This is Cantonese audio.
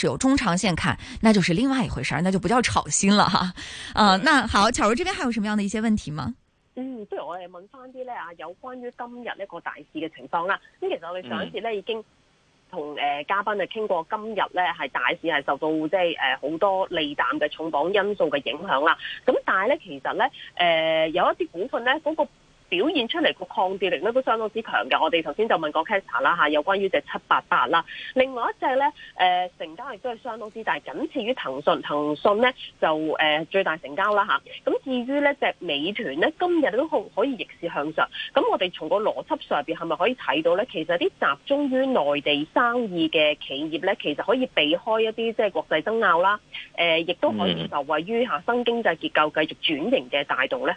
是有中長線看，那就是另外一回事，那就不叫炒新了哈。啊對，uh, 那好，巧如這邊還有什麼樣的一些問題嗎？嗯，不如我哋問翻啲咧啊，有關於今日呢個大市嘅情況啦。咁其實我哋上一次咧已經同誒嘉賓啊傾過今日咧係大市係受到即係誒好多利淡嘅重磅因素嘅影響啦。咁但係咧其實咧誒有一啲股份咧、嗰個。表現出嚟個抗跌力咧都相當之強嘅。我哋頭先就問過 Casa 啦嚇，有關於隻七八八啦。另外一隻咧，誒、呃、成交亦都係相當之大，僅次於騰訊。騰訊咧就誒、呃、最大成交啦嚇。咁、啊、至於咧隻美團咧，今日都可可以逆市向上。咁我哋從個邏輯上邊係咪可以睇到咧？其實啲集中於內地生意嘅企業咧，其實可以避開一啲即係國際爭拗啦。誒、啊，亦都可以受惠於嚇新經濟結構繼續轉型嘅帶動咧。